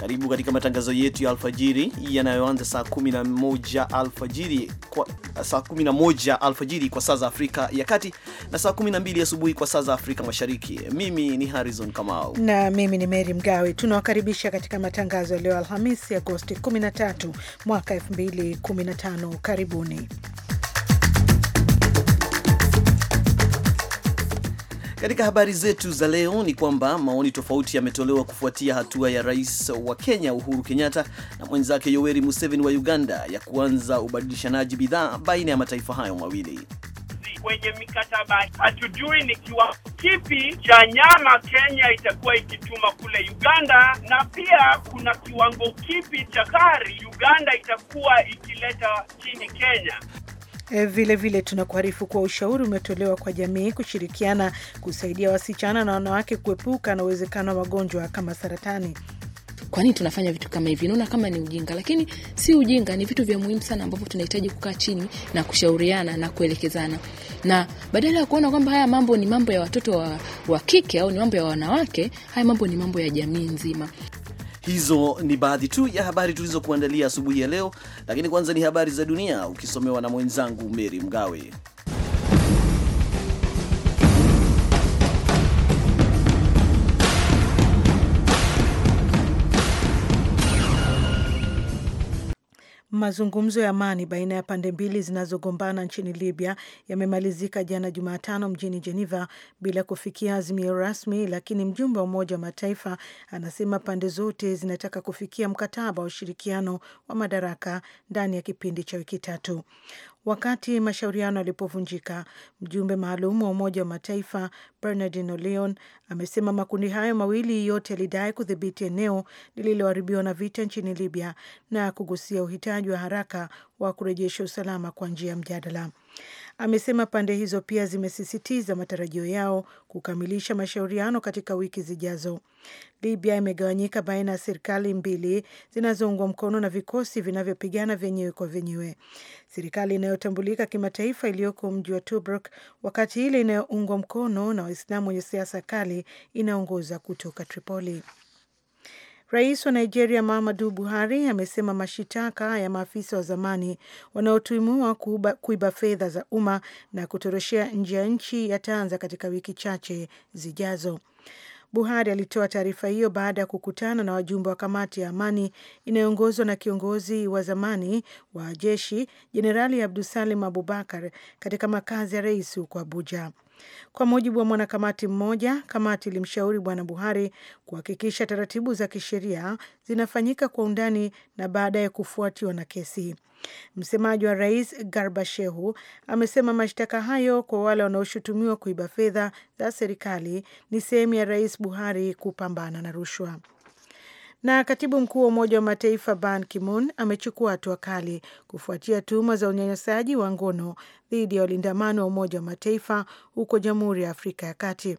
Karibu katika matangazo yetu ya alfajiri yanayoanza saa 11 alfajiri kwa saa 11 alfajiri kwa saa za Afrika ya Kati na saa 12 asubuhi kwa saa za Afrika Mashariki. Mimi ni Harrison Kamau na mimi ni Mary Mgawe. Tunawakaribisha katika matangazo ya leo Alhamisi, Agosti 13 mwaka 2015. Karibuni. Katika habari zetu za leo ni kwamba maoni tofauti yametolewa kufuatia hatua ya rais wa Kenya Uhuru Kenyatta na mwenzake Yoweri Museveni wa Uganda ya kuanza ubadilishanaji bidhaa baina ya mataifa hayo mawili. Kwenye mikataba hatujui ni kiwango kipi cha nyama Kenya itakuwa ikituma kule Uganda, na pia kuna kiwango kipi cha kari Uganda itakuwa ikileta chini Kenya. Vilevile eh, vile tunakuarifu kuwa ushauri umetolewa kwa jamii kushirikiana kusaidia wasichana na wanawake kuepuka na uwezekano wa magonjwa kama saratani. kwanini tunafanya vitu kama hivi? Naona kama ni ujinga, lakini si ujinga, ni vitu vya muhimu sana ambavyo tunahitaji kukaa chini na kushauriana na kuelekezana, na badala ya kuona kwamba haya mambo ni mambo ya watoto wa, wa kike au ni mambo ya wanawake, haya mambo ni mambo ya jamii nzima. Hizo ni baadhi tu ya habari tulizokuandalia asubuhi ya leo, lakini kwanza ni habari za dunia ukisomewa na mwenzangu Meri Mgawe. Mazungumzo ya amani baina ya pande mbili zinazogombana nchini Libya yamemalizika jana Jumatano mjini Geneva bila kufikia azimio rasmi, lakini mjumbe wa Umoja wa Mataifa anasema pande zote zinataka kufikia mkataba wa ushirikiano wa madaraka ndani ya kipindi cha wiki tatu. Wakati mashauriano yalipovunjika, mjumbe maalum wa Umoja wa Mataifa Bernardino Leon amesema makundi hayo mawili yote yalidai kudhibiti eneo lililoharibiwa na vita nchini Libya na kugusia uhitaji wa haraka wa kurejesha usalama kwa njia ya mjadala. Amesema pande hizo pia zimesisitiza matarajio yao kukamilisha mashauriano katika wiki zijazo. Libya imegawanyika baina ya serikali mbili zinazoungwa mkono na vikosi vinavyopigana vyenyewe kwa vyenyewe, serikali inayotambulika kimataifa iliyoko mji wa Tobruk, wakati ile inayoungwa mkono na Waislamu wenye siasa kali inaongoza kutoka Tripoli. Rais wa Nigeria Muhammadu Buhari amesema mashitaka ya maafisa wa zamani wanaotuhumiwa kuiba fedha za umma na kutoroshea nje ya nchi yataanza katika wiki chache zijazo. Buhari alitoa taarifa hiyo baada ya kukutana na wajumbe wa kamati ya amani inayoongozwa na kiongozi wa zamani wa jeshi Jenerali Abdusalim Abubakar katika makazi ya rais huko Abuja. Kwa mujibu wa mwanakamati mmoja, kamati ilimshauri Bwana Buhari kuhakikisha taratibu za kisheria zinafanyika kwa undani na baadaye kufuatiwa na kesi. Msemaji wa rais Garba Shehu amesema mashtaka hayo kwa wale wanaoshutumiwa kuiba fedha za serikali ni sehemu ya Rais Buhari kupambana na rushwa. Na katibu mkuu wa Umoja wa Mataifa Ban Ki-moon amechukua hatua kali kufuatia tuhuma za unyanyasaji wa ngono dhidi ya walindamano wa Umoja wa Mataifa huko Jamhuri ya Afrika ya Kati.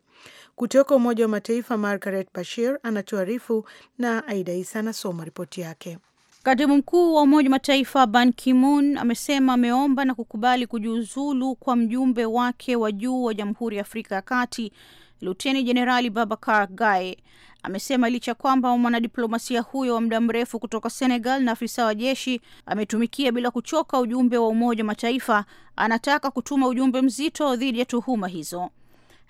Kutoka Umoja wa Mataifa, Margaret Bashir anatuarifu na Aida Isa anasoma ripoti yake. Katibu mkuu wa Umoja wa Mataifa Ban Ki-moon amesema ameomba na kukubali kujiuzulu kwa mjumbe wake wa juu wa Jamhuri ya Afrika ya Kati, Luteni Jenerali Babacar Gaye amesema licha kwamba mwanadiplomasia huyo wa muda mrefu kutoka Senegal na afisa wa jeshi ametumikia bila kuchoka ujumbe wa Umoja wa Mataifa, anataka kutuma ujumbe mzito dhidi ya tuhuma hizo.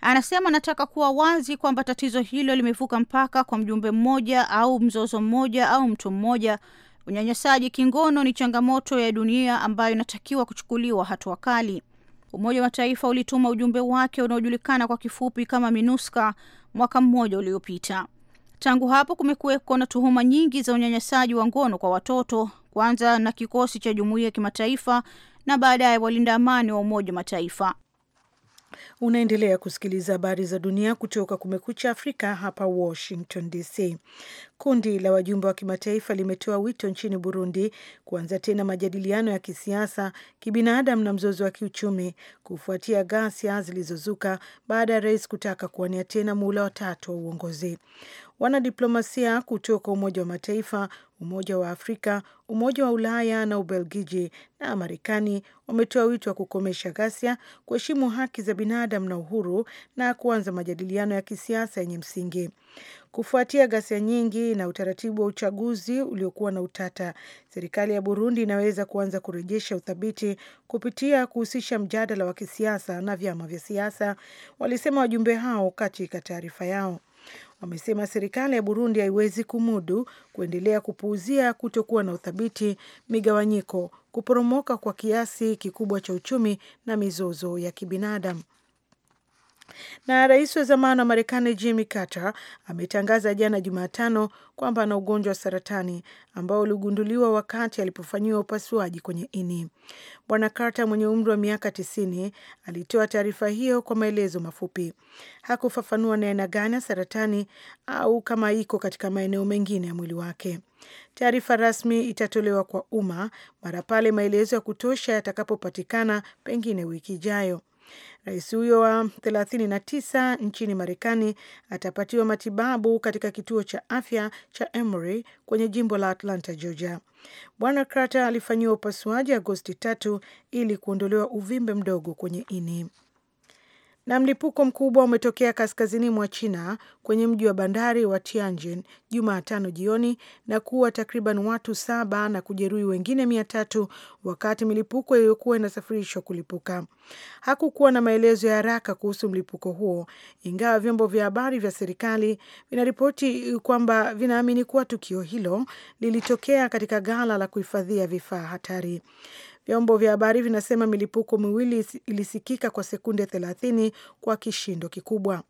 Anasema anataka kuwa wazi kwamba tatizo hilo limevuka mpaka kwa mjumbe mmoja au mzozo mmoja au mtu mmoja. Unyanyasaji kingono ni changamoto ya dunia ambayo inatakiwa kuchukuliwa hatua kali. Umoja wa Mataifa ulituma ujumbe wake unaojulikana kwa kifupi kama MINUSCA mwaka mmoja uliopita. Tangu hapo kumekuweko na tuhuma nyingi za unyanyasaji wa ngono kwa watoto, kwanza na kikosi cha jumuiya ya kimataifa na baadaye walinda amani wa Umoja wa Mataifa. Unaendelea kusikiliza habari za dunia kutoka Kumekucha Afrika hapa Washington DC. Kundi la wajumbe wa kimataifa limetoa wito nchini Burundi kuanza tena majadiliano ya kisiasa, kibinadamu na mzozo wa kiuchumi kufuatia ghasia zilizozuka baada ya rais kutaka kuwania tena muhula watatu wa uongozi. Wanadiplomasia kutoka Umoja wa Mataifa, Umoja wa Afrika, Umoja wa Ulaya na Ubelgiji na Marekani wametoa wito wa kukomesha ghasia, kuheshimu haki za binadamu na uhuru na kuanza majadiliano ya kisiasa yenye msingi. Kufuatia ghasia nyingi na utaratibu wa uchaguzi uliokuwa na utata, serikali ya Burundi inaweza kuanza kurejesha uthabiti kupitia kuhusisha mjadala wa kisiasa na vyama vya siasa, walisema wajumbe hao katika taarifa yao wamesema serikali ya Burundi haiwezi kumudu kuendelea kupuuzia kutokuwa na uthabiti, migawanyiko, kuporomoka kwa kiasi kikubwa cha uchumi na mizozo ya kibinadamu. Na rais wa zamani wa Marekani Jimmy Carter ametangaza jana Jumatano kwamba ana ugonjwa wa saratani ambao uligunduliwa wakati alipofanyiwa upasuaji kwenye ini. Bwana Carter mwenye umri wa miaka tisini alitoa taarifa hiyo kwa maelezo mafupi. Hakufafanua ni aina gani ya saratani au kama iko katika maeneo mengine ya mwili wake. Taarifa rasmi itatolewa kwa umma mara pale maelezo ya kutosha yatakapopatikana, pengine wiki ijayo. Rais huyo wa 39 nchini Marekani atapatiwa matibabu katika kituo cha afya cha Emory kwenye jimbo la Atlanta, Georgia. Bwana Carter alifanyiwa upasuaji Agosti tatu ili kuondolewa uvimbe mdogo kwenye ini. Na mlipuko mkubwa umetokea kaskazini mwa China kwenye mji wa bandari wa Tianjin Jumatano jioni na kuua takriban watu saba na kujeruhi wengine mia tatu wakati milipuko iliyokuwa inasafirishwa kulipuka. Hakukuwa na maelezo ya haraka kuhusu mlipuko huo, ingawa vyombo vya habari vya serikali vinaripoti kwamba vinaamini kuwa tukio hilo lilitokea katika ghala la kuhifadhia vifaa hatari. Vyombo vya habari vinasema milipuko miwili ilisikika kwa sekunde thelathini kwa kishindo kikubwa.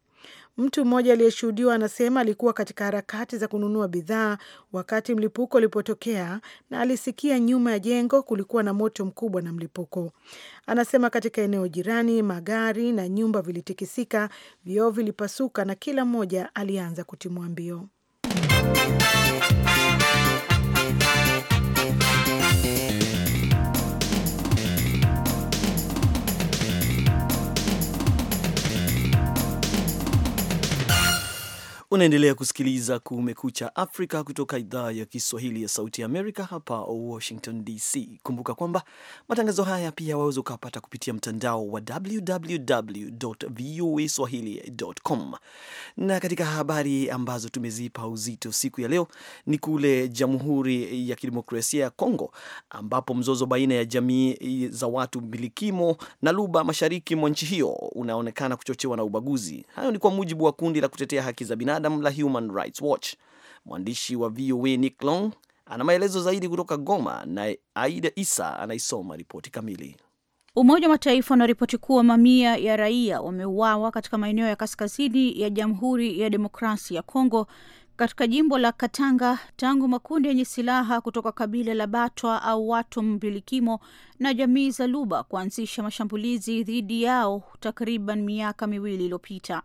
Mtu mmoja aliyeshuhudiwa anasema alikuwa katika harakati za kununua bidhaa wakati mlipuko ulipotokea na alisikia nyuma ya jengo kulikuwa na moto mkubwa na mlipuko. Anasema katika eneo jirani magari na nyumba vilitikisika, vioo vilipasuka na kila mmoja alianza kutimua mbio. Unaendelea kusikiliza Kumekucha Afrika kutoka idhaa ya Kiswahili ya Sauti ya Amerika hapa Washington DC. Kumbuka kwamba matangazo haya pia waweza ukapata kupitia mtandao wa www voa swahili.com. Na katika habari ambazo tumezipa uzito siku ya leo ni kule Jamhuri ya Kidemokrasia ya Kongo, ambapo mzozo baina ya jamii za watu mbilikimo na Luba mashariki mwa nchi hiyo unaonekana kuchochewa na ubaguzi. Hayo ni kwa mujibu wa kundi la kutetea haki za binadamu binadamu la Human Rights Watch. Mwandishi wa VOA Nick Long ana maelezo zaidi kutoka Goma, na Aida Isa anaisoma ripoti kamili. Umoja wa Mataifa unaripoti kuwa mamia ya raia wameuawa katika maeneo ya kaskazini ya Jamhuri ya Demokrasia ya Kongo katika jimbo la Katanga tangu makundi yenye silaha kutoka kabila la Batwa au watu mbilikimo na jamii za Luba kuanzisha mashambulizi dhidi yao takriban miaka miwili iliyopita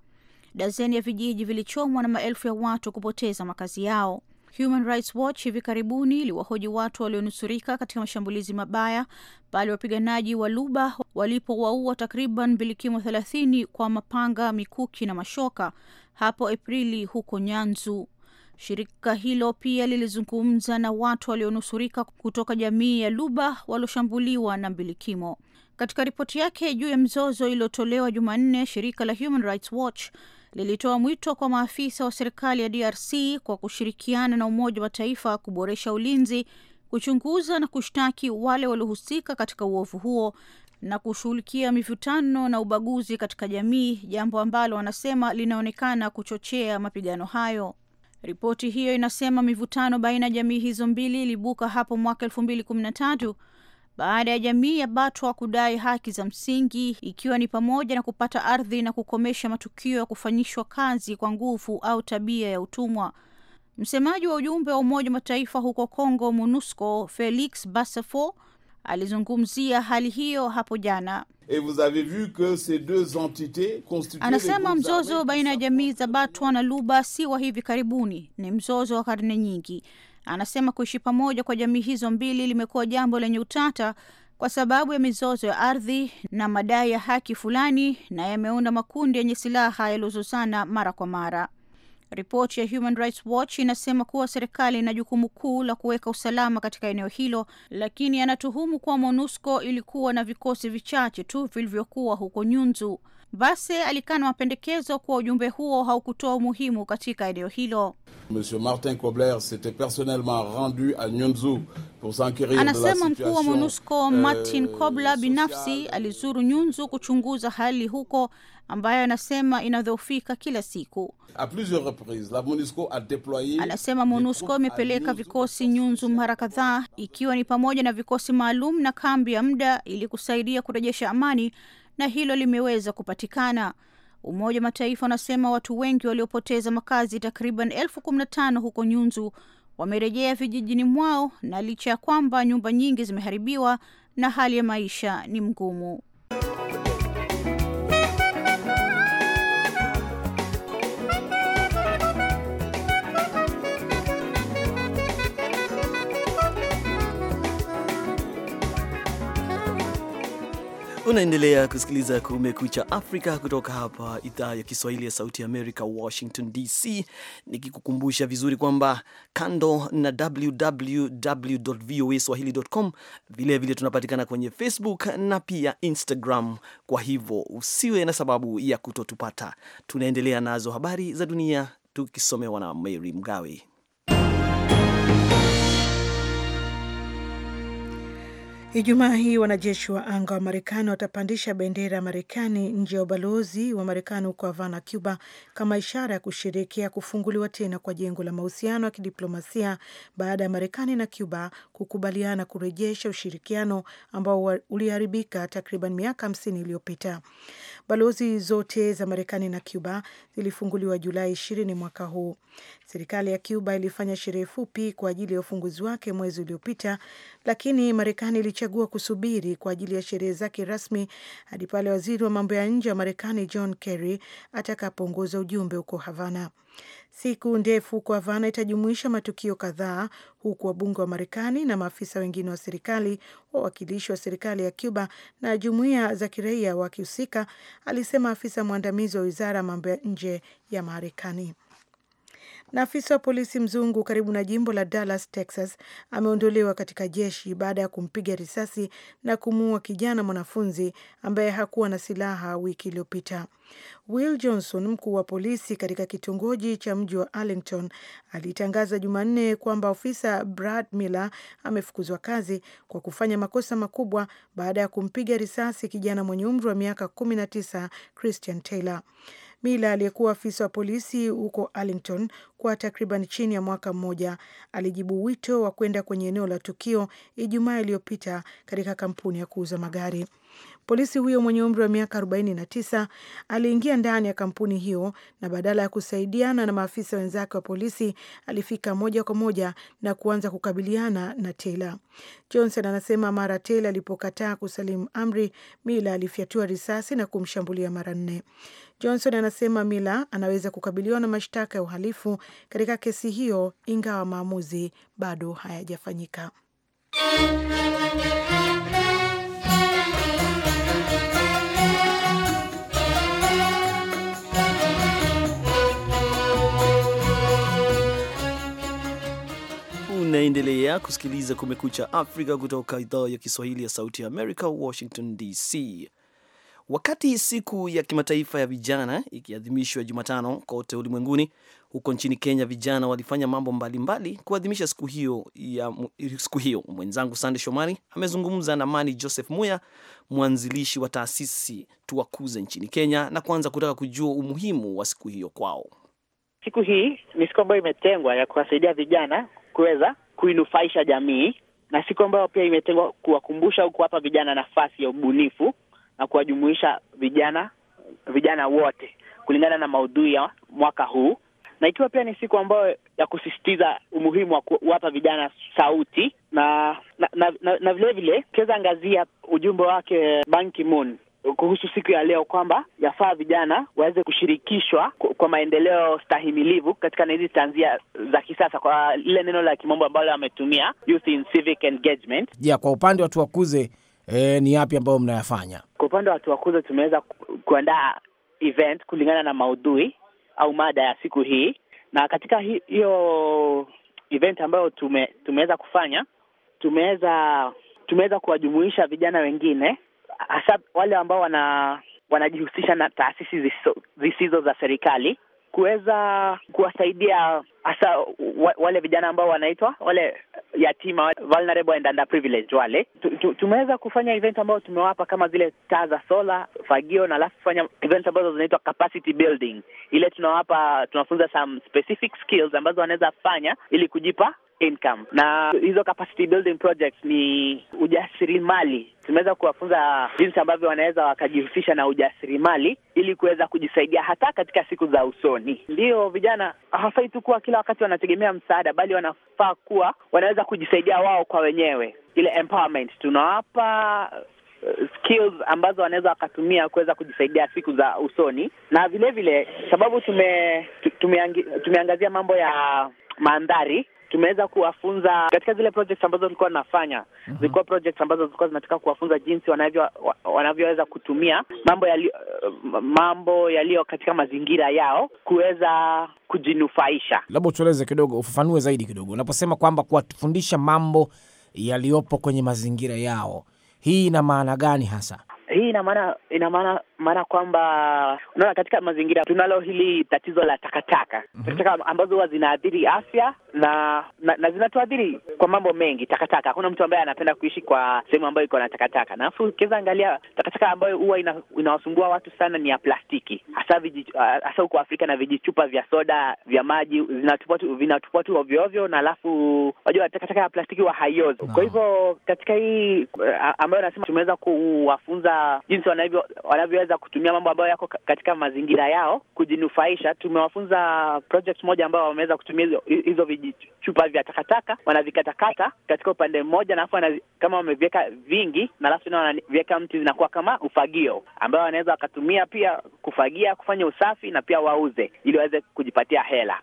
dazeni ya vijiji vilichomwa na maelfu ya watu kupoteza makazi yao. Human Rights Watch hivi karibuni iliwahoji watu walionusurika katika mashambulizi mabaya pale wapiganaji wa Luba walipowaua takriban bilikimo thelathini kwa mapanga, mikuki na mashoka hapo Aprili huko Nyanzu. Shirika hilo pia lilizungumza na watu walionusurika kutoka jamii ya Luba walioshambuliwa na mbilikimo. Katika ripoti yake juu ya mzozo iliyotolewa Jumanne, shirika la Human Rights Watch lilitoa mwito kwa maafisa wa serikali ya DRC kwa kushirikiana na Umoja wa Mataifa kuboresha ulinzi, kuchunguza na kushtaki wale waliohusika katika uovu huo na kushughulikia mivutano na ubaguzi katika jamii, jambo ambalo wanasema linaonekana kuchochea mapigano hayo. Ripoti hiyo inasema mivutano baina ya jamii hizo mbili ilibuka hapo mwaka elfu mbili kumi na tatu baada ya jamii ya Batwa kudai haki za msingi ikiwa ni pamoja na kupata ardhi na kukomesha matukio ya kufanyishwa kazi kwa nguvu au tabia ya utumwa. Msemaji wa ujumbe wa Umoja wa Mataifa huko congo MONUSCO, Felix Basafo alizungumzia hali hiyo hapo jana. Et vous avez vu que ces deux entités constituent, anasema mzozo baina ya jamii za Batwa na Luba si wa hivi karibuni, ni mzozo wa karne nyingi Anasema kuishi pamoja kwa jamii hizo mbili limekuwa jambo lenye utata kwa sababu ya mizozo ya ardhi na madai ya haki fulani, na yameunda makundi yenye ya silaha yaliozozana mara kwa mara. Ripoti ya Human Rights Watch inasema kuwa serikali ina jukumu kuu la kuweka usalama katika eneo hilo, lakini anatuhumu kuwa MONUSCO ilikuwa na vikosi vichache tu vilivyokuwa huko Nyunzu. Vase alikaa na mapendekezo kuwa ujumbe huo haukutoa umuhimu katika eneo hilo. Monsieur Martin Kobler s'était personnellement rendu Nyunzu pour s'enquérir anasema mkuu wa MONUSCO euh, Martin Kobler binafsi alizuru Nyunzu kuchunguza hali huko ambayo anasema inadhoofika kila siku. A plusieurs reprises la MONUSCO a anasema MONUSCO imepeleka vikosi Nyunzu mara kadhaa, ikiwa ni pamoja na vikosi maalum na kambi ya muda ili kusaidia kurejesha amani na hilo limeweza kupatikana. Umoja wa Mataifa unasema watu wengi waliopoteza makazi takriban elfu kumi na tano huko Nyunzu wamerejea vijijini mwao, na licha ya kwamba nyumba nyingi zimeharibiwa na hali ya maisha ni mgumu. Unaendelea kusikiliza Kumekucha Afrika kutoka hapa idhaa ya Kiswahili ya Sauti ya Amerika, Washington DC, nikikukumbusha vizuri kwamba kando na www voa swahili.com, vilevile tunapatikana kwenye Facebook na pia Instagram. Kwa hivyo usiwe na sababu ya kutotupata. Tunaendelea nazo habari za dunia tukisomewa na Mary Mgawe. Ijumaa hii wanajeshi wa anga wa Marekani watapandisha bendera ya Marekani nje ya ubalozi wa Marekani huko Havana, Cuba, kama ishara ya kusherekea kufunguliwa tena kwa jengo la mahusiano ya kidiplomasia baada ya Marekani na Cuba kukubaliana kurejesha ushirikiano ambao uliharibika takriban miaka hamsini iliyopita. Balozi zote za Marekani na Cuba zilifunguliwa Julai ishirini mwaka huu. Serikali ya Cuba ilifanya sherehe fupi kwa ajili ya ufunguzi wake mwezi uliopita, lakini Marekani ilichagua kusubiri kwa ajili ya sherehe zake rasmi hadi pale waziri wa mambo ya nje wa Marekani John Kerry atakapoongoza ujumbe huko Havana. Siku ndefu kwa Havana itajumuisha matukio kadhaa, huku wabunge wa Marekani na maafisa wengine wa serikali, wawakilishi wa serikali ya Cuba na jumuiya za kiraia wakihusika, alisema afisa mwandamizi wa wizara ya mambo ya nje ya Marekani. Na afisa wa polisi mzungu karibu na jimbo la Dallas, Texas, ameondolewa katika jeshi baada ya kumpiga risasi na kumuua kijana mwanafunzi ambaye hakuwa na silaha wiki iliyopita. Will Johnson, mkuu wa polisi katika kitongoji cha mji wa Arlington, alitangaza Jumanne kwamba ofisa Brad Miller amefukuzwa kazi kwa kufanya makosa makubwa baada ya kumpiga risasi kijana mwenye umri wa miaka tisa Christian Taylor. Mila aliyekuwa afisa wa polisi huko Arlington kwa takriban chini ya mwaka mmoja alijibu wito wa kwenda kwenye eneo la tukio Ijumaa iliyopita katika kampuni ya kuuza magari. Polisi huyo mwenye umri wa miaka 49 aliingia ndani ya kampuni hiyo na badala ya kusaidiana na maafisa wenzake wa polisi alifika moja kwa moja na kuanza kukabiliana na Taylor. Johnson anasema mara Taylor alipokataa kusalimu amri, Mila alifyatua risasi na kumshambulia mara nne. Johnson anasema mila anaweza kukabiliwa na mashtaka ya uhalifu katika kesi hiyo ingawa maamuzi bado hayajafanyika. Unaendelea kusikiliza Kumekucha Afrika kutoka idhaa ya Kiswahili ya Sauti ya Amerika, Washington DC. Wakati siku ya kimataifa ya vijana ikiadhimishwa Jumatano kote ulimwenguni, huko nchini Kenya vijana walifanya mambo mbalimbali kuadhimisha siku hiyo ya siku hiyo. Mwenzangu Sande Shomari amezungumza na Mani Joseph Muya, mwanzilishi wa taasisi Tuwakuze nchini Kenya, na kwanza kutaka kujua umuhimu wa siku hiyo kwao. Siku hii ni siku ambayo imetengwa ya kuwasaidia vijana kuweza kuinufaisha jamii na siku ambayo pia imetengwa kuwakumbusha au kuwapa vijana nafasi ya ubunifu na kuwajumuisha vijana vijana wote kulingana na maudhui ya mwaka huu, na ikiwa pia ni siku ambayo ya kusisitiza umuhimu wa kuwapa vijana sauti na na, na, na, na angazia ujumbe wake banki moon kuhusu siku ya leo kwamba yafaa vijana waweze kushirikishwa kwa maendeleo stahimilivu katika hizi tanzia za kisasa, kwa lile neno la kimombo ambalo ametumia youth in civic engagement. Yeah, kwa upande watu wakuze e, ni yapi ambayo mnayafanya? Kwa upande wa Tuwakuze tumeweza kuandaa event kulingana na maudhui au mada ya siku hii, na katika hiyo event ambayo tume, tumeweza kufanya tumeweza tumeweza kuwajumuisha vijana wengine hasa wale ambao wana wanajihusisha na taasisi zisizo, zisizo za serikali kuweza kuwasaidia hasa wale vijana ambao wanaitwa wale yatima, vulnerable and underprivileged wale. Tumeweza kufanya event ambayo tumewapa kama zile taa za sola, fagio na alafu fanya event ambazo zinaitwa capacity building. Ile tunawapa tunafunza some specific skills ambazo wanaweza fanya ili kujipa income. Na hizo capacity building projects ni ujasirimali tumeweza kuwafunza jinsi ambavyo wanaweza wakajihusisha na ujasirimali ili kuweza kujisaidia hata katika siku za usoni. ndio vijana hawafai tu kuwa kila wakati wanategemea msaada, bali wanafaa kuwa wanaweza kujisaidia wao kwa wenyewe, ile empowerment tunawapa uh, skills ambazo wanaweza wakatumia kuweza kujisaidia siku za usoni, na vile vile sababu tume, tumeangi, tumeangazia mambo ya mandhari tumeweza kuwafunza katika zile projects ambazo tulikuwa nafanya mm -hmm. Zilikuwa projects ambazo zilikuwa zinataka kuwafunza jinsi wanavyo wanavyoweza kutumia mambo yali, uh, mambo yaliyo katika mazingira yao kuweza kujinufaisha. Labda utueleze kidogo, ufafanue zaidi kidogo, unaposema kwamba kuwafundisha mambo yaliyopo kwenye mazingira yao, hii ina maana gani hasa? Hii ina maana ina maana maana kwamba unaona, katika mazingira tunalo hili tatizo la takataka mm -hmm. takataka ambazo huwa zinaathiri afya na na, na zinatuathiri kwa mambo mengi. Takataka, hakuna mtu ambaye anapenda kuishi kwa sehemu ambayo iko na takataka, na afu ukiweza angalia takataka ambayo huwa ina, inawasumbua watu sana ni ya plastiki, hasa hasa huko Afrika na vijichupa vya soda vya maji zinatupwa tu vinatupwa tu na alafu wajua takataka ya plastiki wa haiozi no. Kwa hivyo katika hii eh, ambayo nasema tumeweza kuwafunza kujifunza jinsi wanavyoweza kutumia mambo ambayo yako katika mazingira yao kujinufaisha. Tumewafunza project moja ambayo wameweza kutumia hizo, hizo vijichupa vya takataka, wanavikatakata katika upande mmoja, alafu kama wameviweka vingi, na alafu tena wanaviweka mti, zinakuwa kama ufagio ambayo wanaweza wakatumia pia kufagia, kufanya usafi na pia wauze, ili waweze kujipatia hela.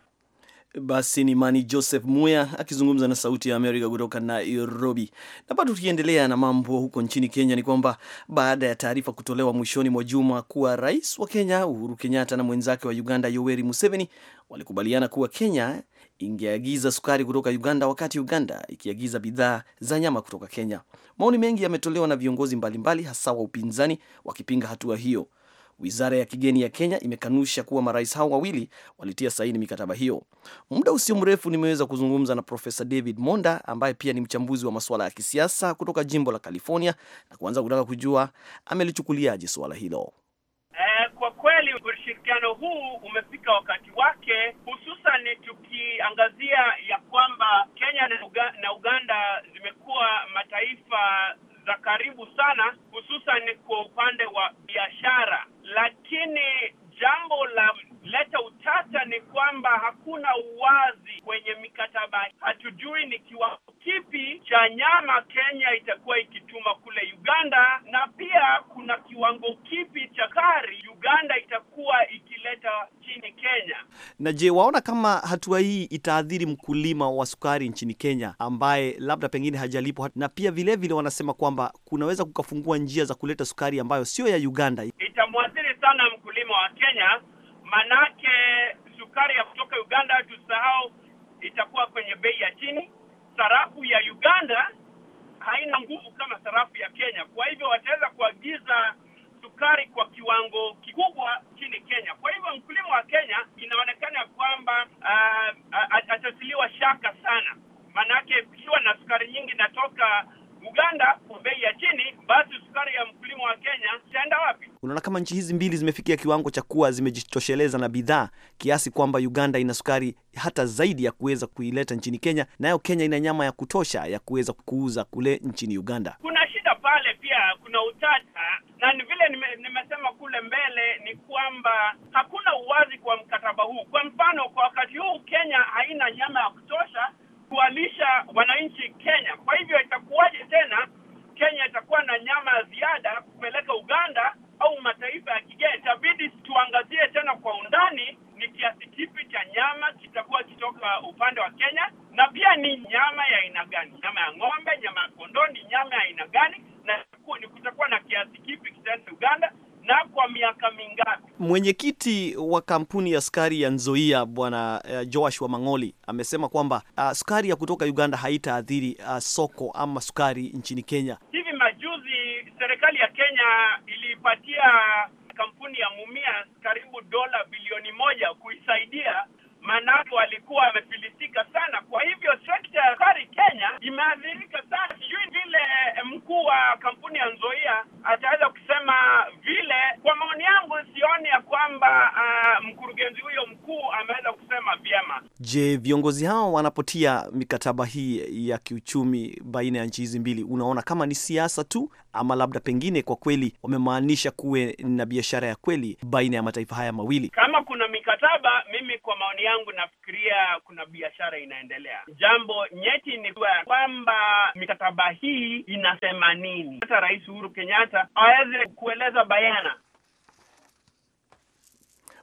Basi ni Mani Joseph Muya akizungumza na Sauti ya Amerika kutoka Nairobi. Na bado tukiendelea na mambo huko nchini Kenya, ni kwamba baada ya taarifa kutolewa mwishoni mwa juma kuwa rais wa Kenya Uhuru Kenyatta na mwenzake wa Uganda Yoweri Museveni walikubaliana kuwa Kenya ingeagiza sukari kutoka Uganda wakati Uganda ikiagiza bidhaa za nyama kutoka Kenya, maoni mengi yametolewa na viongozi mbalimbali, hasa wa upinzani wakipinga hatua hiyo. Wizara ya kigeni ya Kenya imekanusha kuwa marais hao wawili walitia saini mikataba hiyo. Muda usio mrefu nimeweza kuzungumza na Profesa David Monda ambaye pia ni mchambuzi wa masuala ya kisiasa kutoka jimbo la California na kuanza kutaka kujua amelichukuliaje suala hilo. Eh, kwa kweli ushirikiano huu umefika wakati wake, hususan tukiangazia ya kwamba Kenya na Uganda zimekuwa mataifa za karibu sana, hususan kwa upande wa biashara, lakini jambo la leta utata ni kwamba hakuna uwazi kwenye mikataba. Hatujui ni kiwango kipi cha nyama Kenya itakuwa ikituma kule Uganda, na pia kuna kiwango kipi cha kari Uganda itakuwa ikileta chini Kenya. Na je, waona kama hatua hii itaathiri mkulima wa sukari nchini Kenya ambaye labda pengine hajalipo na pia vilevile vile wanasema kwamba kunaweza kukafungua njia za kuleta sukari ambayo sio ya Uganda. Itamwathiri sana mkulima wa Kenya manake sukari ya kutoka Uganda tusahau, itakuwa kwenye bei ya chini. Sarafu ya Uganda haina nguvu kama sarafu ya Kenya, kwa hivyo wataweza kuagiza sukari kwa kiwango kikubwa chini Kenya. Kwa hivyo mkulima wa Kenya inaonekana kwamba uh, atatiliwa shaka sana, manake ukiwa na sukari nyingi natoka Uganda kwa bei ya chini, basi sukari ya mkulima wa Kenya itaenda wapi? Unaona kama nchi hizi mbili zimefikia kiwango cha kuwa zimejitosheleza na bidhaa kiasi kwamba Uganda ina sukari hata zaidi ya kuweza kuileta nchini Kenya, nayo Kenya ina nyama ya kutosha ya kuweza kuuza kule nchini Uganda. Kuna shida pale pia, kuna utata na ni vile nime, nimesema kule mbele ni kwamba hakuna uwazi kwa mkataba huu. Kwa mfano, kwa wakati huu Kenya haina nyama ya kutosha kuwalisha wananchi Kenya. Kwa hivyo itakuwaje tena Kenya itakuwa na nyama ya ziada kupeleka Uganda au mataifa ya kigeni? Itabidi tuangazie tena kwa undani ni kiasi kipi cha nyama kitakuwa kitoka upande wa Kenya, na pia ni nyama ya aina gani, nyama ya ng'ombe, nyama ya kondoo, ni nyama ya aina gani, na kutakuwa na kiasi kipi kitaenda Uganda na kwa miaka mingapi? Mwenyekiti wa kampuni ya sukari ya Nzoia Bwana uh, Joash wa Mang'oli amesema kwamba uh, sukari ya kutoka Uganda haitaathiri uh, soko ama sukari nchini Kenya. Hivi majuzi serikali ya Kenya ilipatia kampuni ya Mumia karibu dola bilioni moja kuisaidia, maanake walikuwa Je, viongozi hao wanapotia mikataba hii ya kiuchumi baina ya nchi hizi mbili, unaona kama ni siasa tu ama labda pengine kwa kweli wamemaanisha kuwe na biashara ya kweli baina ya mataifa haya mawili? Kama kuna mikataba, mimi kwa maoni yangu nafikiria kuna biashara inaendelea. Jambo nyeti ni kwamba mikataba hii inasema nini. Hata Rais Uhuru Kenyatta aweze kueleza bayana.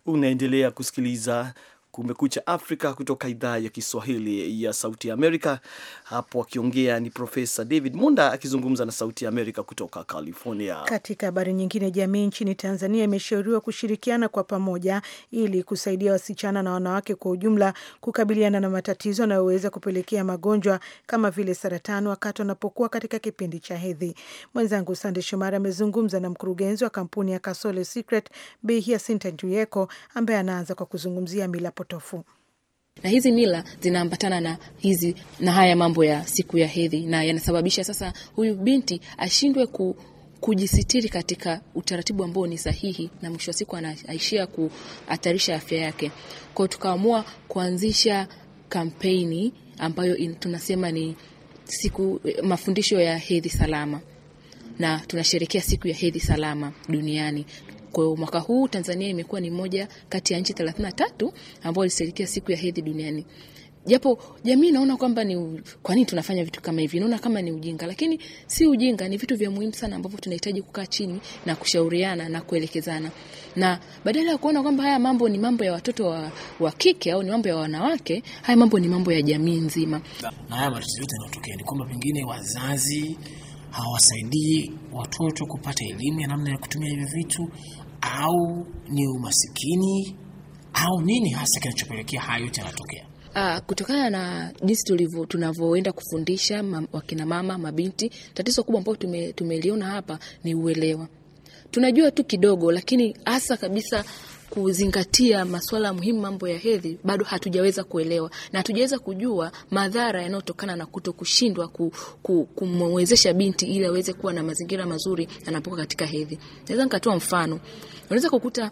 Unaendelea kusikiliza Kumekucha Afrika kutoka idhaa ya Kiswahili ya Sauti ya Amerika. Hapo akiongea ni Profesa David Munda akizungumza na Sauti ya Amerika kutoka California. Katika habari nyingine, jamii nchini Tanzania imeshauriwa kushirikiana kwa pamoja ili kusaidia wasichana na wanawake kwa ujumla kukabiliana na matatizo yanayoweza kupelekea magonjwa kama vile saratani wakati wanapokuwa katika kipindi cha hedhi. Mwenzangu Sande Shomari amezungumza na mkurugenzi wa kampuni ya Kasole Secret Bi sinta Nduyeko ambaye anaanza kwa kuzungumzia mila upotofu na hizi mila zinaambatana na hizi na haya mambo ya siku ya hedhi, na yanasababisha sasa huyu binti ashindwe ku, kujisitiri katika utaratibu ambao ni sahihi, na mwisho wa siku anaishia kuhatarisha afya yake. kwao tukaamua kuanzisha kampeni ambayo in, tunasema ni siku eh, mafundisho ya hedhi salama na tunasherekea siku ya hedhi salama duniani. Kwa hiyo mwaka huu Tanzania imekuwa ni moja kati ya nchi 33 ambao walisherekea siku ya hedhi duniani japo jamii naona kwamba ni kwa nini tunafanya vitu kama hivi, naona kama ni ujinga, lakini si ujinga, ni vitu vya muhimu sana ambavyo tunahitaji kukaa chini na kushauriana na kuelekezana, na badala ya kuona kwamba haya mambo ni mambo ya watoto wa, wa kike au ni mambo ya wanawake, haya mambo ni mambo ya jamii nzima. Na haya matatizo yote yanayotokea ni kwamba pengine wazazi hawasaidii watoto kupata elimu ya namna ya kutumia hivi vitu, au ni umasikini au nini hasa kinachopelekea haya yote yanatokea? Uh, kutokana na jinsi tulivyo tunavyoenda kufundisha mam, wakina mama mabinti, tatizo kubwa ambalo tumeliona hapa ni uelewa. Tunajua tu kidogo, lakini hasa kabisa kuzingatia masuala muhimu mambo ya hedhi bado hatujaweza kuelewa na hatujaweza kujua madhara yanayotokana na kuto kushindwa ku, ku, kumwezesha binti ili aweze kuwa na mazingira mazuri anapoka katika hedhi. Naweza nikatoa mfano, unaweza kukuta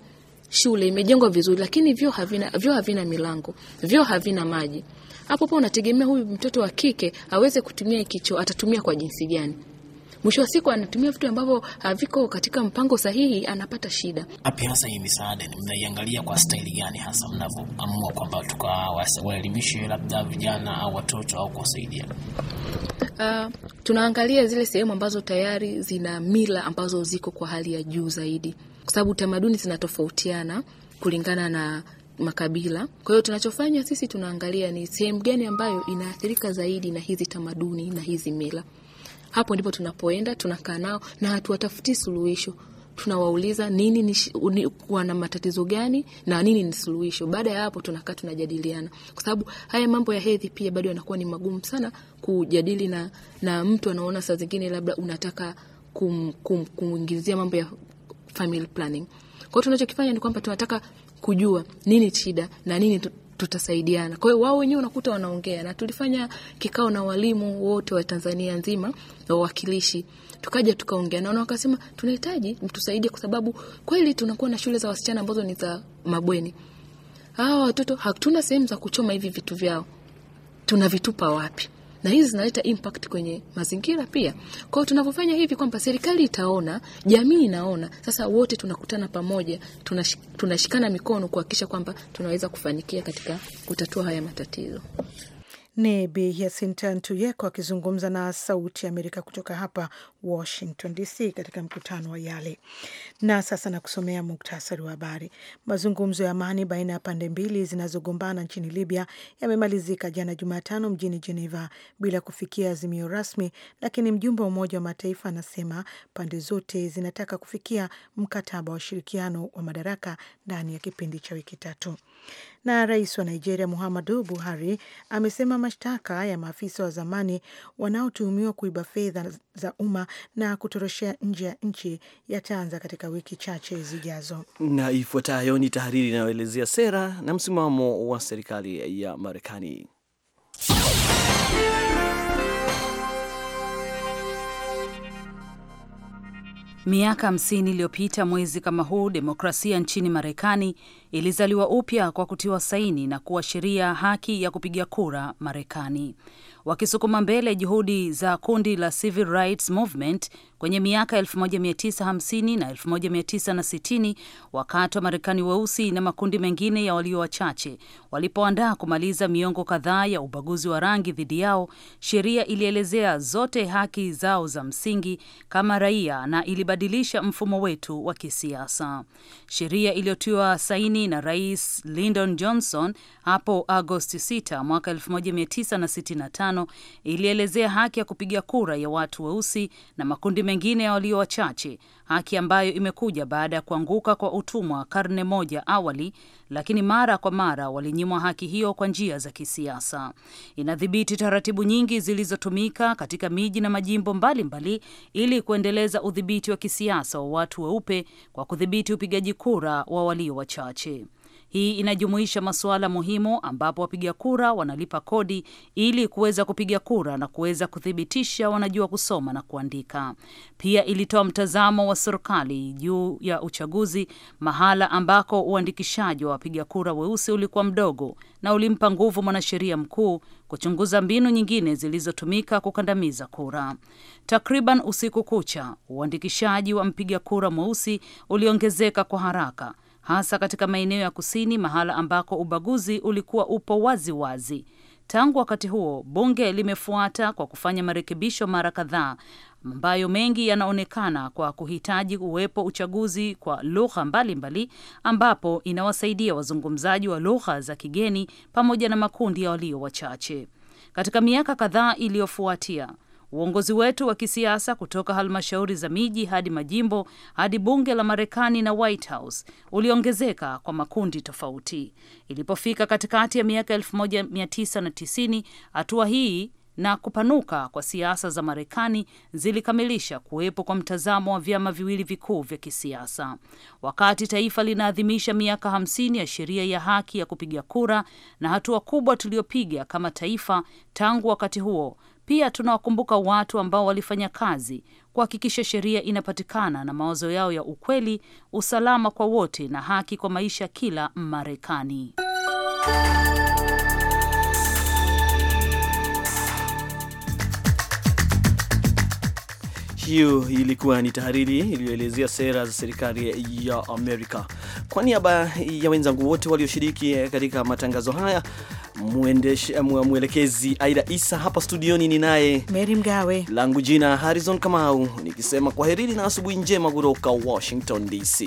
shule imejengwa vizuri, lakini vyoo havina, vyoo havina milango, vyoo havina maji. Hapo hapo unategemea huyu mtoto wa kike aweze kutumia kicho, atatumia kwa jinsi gani? mwisho wa siku anatumia vitu ambavyo haviko katika mpango sahihi, anapata shida. Api hasa hii misaada mnaiangalia kwa staili gani hasa mnavyoamua kwamba tukawaelimishe labda vijana au watoto au kuwasaidia? Uh, tunaangalia zile sehemu ambazo tayari zina mila ambazo ziko kwa hali ya juu zaidi, kwa sababu tamaduni zinatofautiana kulingana na makabila. Kwa hiyo tunachofanya sisi tunaangalia ni sehemu gani ambayo inaathirika zaidi na hizi tamaduni na hizi mila. Hapo ndipo tunapoenda, tunakaa nao na hatuwatafuti suluhisho tunawauliza nini ni, wana matatizo gani na nini ni suluhisho. Baada ya hapo, tunakaa tunajadiliana, kwa sababu haya mambo ya hedhi pia bado yanakuwa ni magumu sana kujadili na, na mtu anaona saa zingine labda unataka kumwingizia kum, mambo ya family planning. tunachokifanya ni kwamba tunataka kujua nini shida na nini tutasaidiana. Kwa hiyo wao wenyewe unakuta wanaongea, na tulifanya kikao na walimu wote wa Tanzania nzima na wawakilishi, tukaja tukaongea nao, wakasema tunahitaji mtusaidie, kwa sababu kweli tunakuwa na shule za wasichana ambazo ni za mabweni. Hawa watoto hatuna sehemu za kuchoma hivi vitu vyao, tunavitupa wapi? na hizi zinaleta impact kwenye mazingira pia. Kwa hiyo tunavyofanya hivi kwamba serikali itaona, jamii inaona, sasa wote tunakutana pamoja, tunash, tunashikana mikono kuhakikisha kwamba tunaweza kufanikia katika kutatua haya matatizo. Ni Bi Jacinta Ntuyeko akizungumza na Sauti ya Amerika kutoka hapa Washington DC katika mkutano wa YALE. Na sasa na kusomea muktasari wa habari. Mazungumzo ya amani baina ya pande mbili zinazogombana nchini Libya yamemalizika jana Jumatano mjini Geneva bila kufikia azimio rasmi, lakini mjumbe wa Umoja wa Mataifa anasema pande zote zinataka kufikia mkataba wa ushirikiano wa madaraka ndani ya kipindi cha wiki tatu. Na rais wa Nigeria Muhammadu Buhari amesema mashtaka ya maafisa wa zamani wanaotuhumiwa kuiba fedha za umma na kutoroshea nje ya nchi yataanza katika wiki chache zijazo. Na ifuatayo ni tahariri inayoelezea sera na msimamo wa serikali ya Marekani. Miaka 50 iliyopita mwezi kama huu, demokrasia nchini Marekani ilizaliwa upya kwa kutiwa saini na kuwa sheria haki ya kupiga kura Marekani. Wakisukuma mbele juhudi za kundi la Civil Rights Movement Kwenye miaka 1950 na 1960 wakati wa Marekani weusi na makundi mengine ya walio wachache walipoandaa kumaliza miongo kadhaa ya ubaguzi wa rangi dhidi yao, sheria ilielezea zote haki zao za msingi kama raia na ilibadilisha mfumo wetu wa kisiasa. Sheria iliyotiwa saini na Rais Lyndon Johnson hapo Agosti 6 mwaka 1965 ilielezea haki ya kupiga kura ya watu weusi na makundi mengine ya walio wachache, haki ambayo imekuja baada ya kuanguka kwa utumwa karne moja awali, lakini mara kwa mara walinyimwa haki hiyo kwa njia za kisiasa. Inadhibiti taratibu nyingi zilizotumika katika miji na majimbo mbalimbali mbali, ili kuendeleza udhibiti wa kisiasa wa watu weupe kwa kudhibiti upigaji kura wa walio wachache. Hii inajumuisha masuala muhimu ambapo wapiga kura wanalipa kodi ili kuweza kupiga kura na kuweza kuthibitisha wanajua kusoma na kuandika. Pia ilitoa mtazamo wa serikali juu ya uchaguzi, mahala ambako uandikishaji wa wapiga kura weusi ulikuwa mdogo, na ulimpa nguvu mwanasheria mkuu kuchunguza mbinu nyingine zilizotumika kukandamiza kura. Takriban usiku kucha, uandikishaji wa mpiga kura mweusi uliongezeka kwa haraka hasa katika maeneo ya kusini, mahala ambako ubaguzi ulikuwa upo wazi wazi. Tangu wakati huo bunge limefuata kwa kufanya marekebisho mara kadhaa ambayo mengi yanaonekana kwa kuhitaji uwepo uchaguzi kwa lugha mbalimbali, ambapo inawasaidia wazungumzaji wa lugha za kigeni pamoja na makundi ya walio wachache. Katika miaka kadhaa iliyofuatia Uongozi wetu wa kisiasa kutoka halmashauri za miji hadi majimbo hadi bunge la Marekani na White House uliongezeka kwa makundi tofauti. Ilipofika katikati ya miaka 1990 hatua hii na kupanuka kwa siasa za Marekani zilikamilisha kuwepo kwa mtazamo wa vyama viwili vikuu vya kisiasa. Wakati taifa linaadhimisha miaka hamsini ya sheria ya haki ya kupiga kura na hatua kubwa tuliyopiga kama taifa tangu wakati huo, pia tunawakumbuka watu ambao walifanya kazi kuhakikisha sheria inapatikana na mawazo yao ya ukweli, usalama kwa wote na haki kwa maisha kila Marekani. Hiyo ilikuwa ni tahariri iliyoelezea sera za serikali ya Amerika. Kwa niaba ya wenzangu wote walioshiriki katika matangazo haya, Eh, mwelekezi Aida Isa hapa studioni, ni naye mary Mgawe, langu jina Harrison Kamau, nikisema kwaherini na asubuhi njema kutoka Washington DC.